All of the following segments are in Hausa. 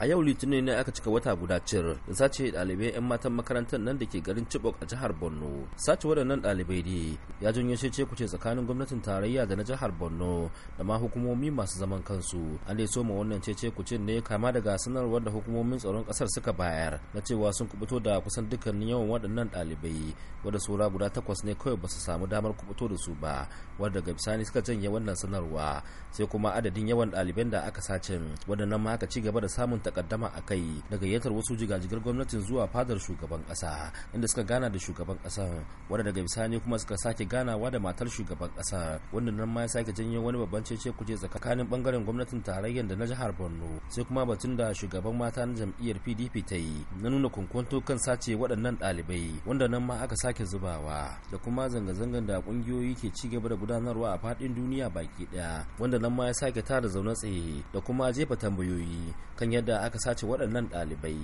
a yau litinin ne aka cika wata guda cir da sace ɗalibai 'yan matan makarantar nan da ke garin chibok a jihar borno sace waɗannan ɗalibai ne ya janyo ce kuce tsakanin gwamnatin tarayya da na jihar borno da ma hukumomi masu zaman kansu an dai soma wannan cece kuce ne kama daga sanarwar da hukumomin tsaron kasar suka bayar na cewa sun kubuto da kusan dukkanin yawan waɗannan ɗalibai wadda saura guda takwas ne kawai ba su samu damar kubuto da su ba wadda ga bisani suka janye wannan sanarwa sai kuma adadin yawan ɗaliban da aka sace waɗannan ma aka ci gaba da samun takaddama a kai da gayyatar wasu jigajigar gwamnatin zuwa fadar shugaban kasa inda suka gana da shugaban kasa wanda daga bisani kuma suka sake ganawa da matar shugaban kasa wanda nan ma ya sake janyo wani babban cece kuje tsakanin bangaren gwamnatin tarayyar da na jihar Borno sai kuma batun da shugaban mata na jam'iyyar PDP ta yi na nuna kunkunto kan sace waɗannan ɗalibai wanda nan ma aka sake zubawa da kuma zanga zangan da kungiyoyi ke ci gaba da gudanarwa a faɗin duniya baki ɗaya wanda nan ma ya sake tara zaune tsaye da kuma jefa tambayoyi kan yadda aka sace waɗannan ɗalibai.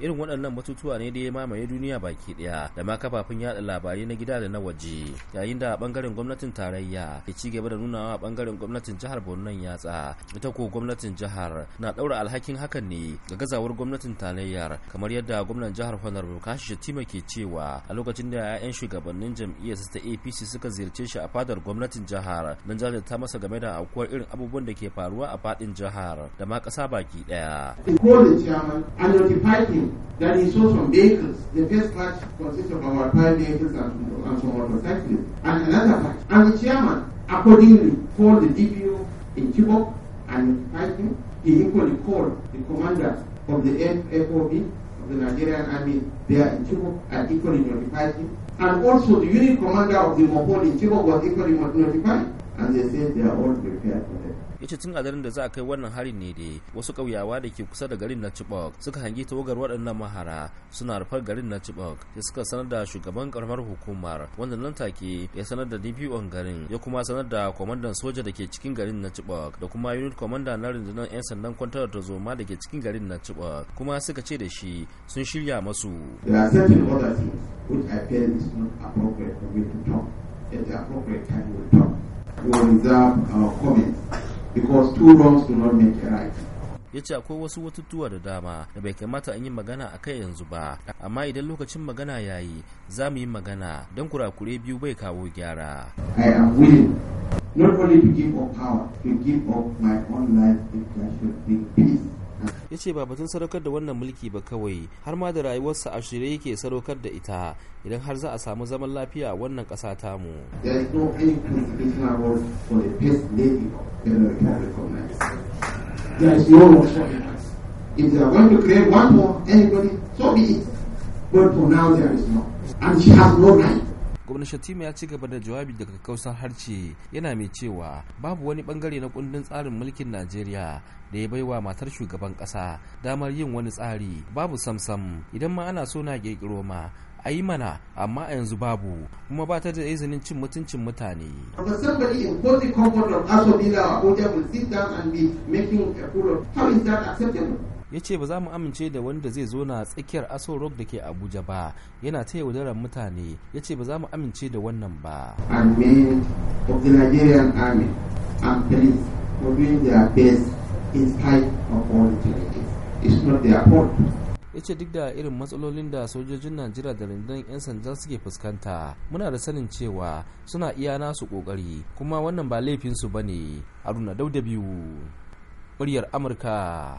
Irin waɗannan batutuwa ne da ya mamaye duniya baki ɗaya da ma kafafun yada labarai na gida da na waje yayin da ɓangaren gwamnatin tarayya ya ci gaba da nunawa a bangaren gwamnatin jihar Borno yatsa ita ko gwamnatin jihar na ɗaura alhaki alhakin hakan ne ga gazawar gwamnatin tarayyar kamar yadda gwamnan jihar honar kashi shatima ke cewa a lokacin da 'ya'yan shugabannin jam'iyyar ta apc suka ziyarce shi a fadar gwamnatin jihar don jajirta masa game da aukuwar irin abubuwan da ke faruwa a fadin jihar da ma kasa baki daya that he saw some vehicles, the first batch vehicles and, and some another batch. And the chairman accordingly called the DPO in Chibok and fighting He equally called the commanders of the FOB, of the Nigerian Army there in Chibok, and equally notified him. And also the unit commander of the Mopol in Chibok was equally notified. And they said they are all prepared for that. yace tun a daren da za a kai wannan harin ne dai wasu ƙauyawa da ke kusa da garin na Chibok suka hangi tawagar waɗannan mahara suna rufar garin na Chibok da suka sanar da shugaban karamar hukumar wanda nan take ya sanar da DPO garin ya kuma sanar da kwamandan soja da ke cikin garin na Chibok da kuma unit commander na rundunar 'yan sandan kwantar da zoma da ke cikin garin na Chibok kuma suka ce da shi sun shirya masu. There which I feel is not appropriate for me to talk. At the appropriate time We reserve our comments because two wrongs do not make a right. ya ce akwai wasu watutuwa da dama da bai kamata an yi magana a kai yanzu ba amma idan lokacin magana ya yi za mu yi magana don kurakure biyu bai kawo gyara i am willing not only to give up power to give up my own life if there should be peace ya ce ba batun sadaukar da wannan mulki ba kawai har ma da rayuwarsa a shirye yake sadaukar da ita idan har za a samu zaman lafiya a wannan ƙasa tamu. If But for now, there is no. And she has no right. gwamna shatima ya ci gaba da jawabi daga kakkausar harce yana mai cewa babu wani bangare na kundin tsarin mulkin najeriya da ya baiwa matar shugaban kasa damar yin wani tsari babu samsam idan ma ana so na kirkiro ma a yi mana amma a yanzu babu kuma ba ta da izinin cin mutuncin mutane. How is that acceptable? ya ce ba za mu amince da wanda zai zo na tsakiyar aso rock da ke abuja ba yana ta yaudarar mutane ya ce ba za mu amince da wannan ba ya ce duk da irin matsalolin da sojojin najeriya da rundunar 'yan sanda suke fuskanta muna da sanin cewa suna iya nasu kokari kuma wannan ba laifinsu ba ne haruna dauda biyu muryar amurka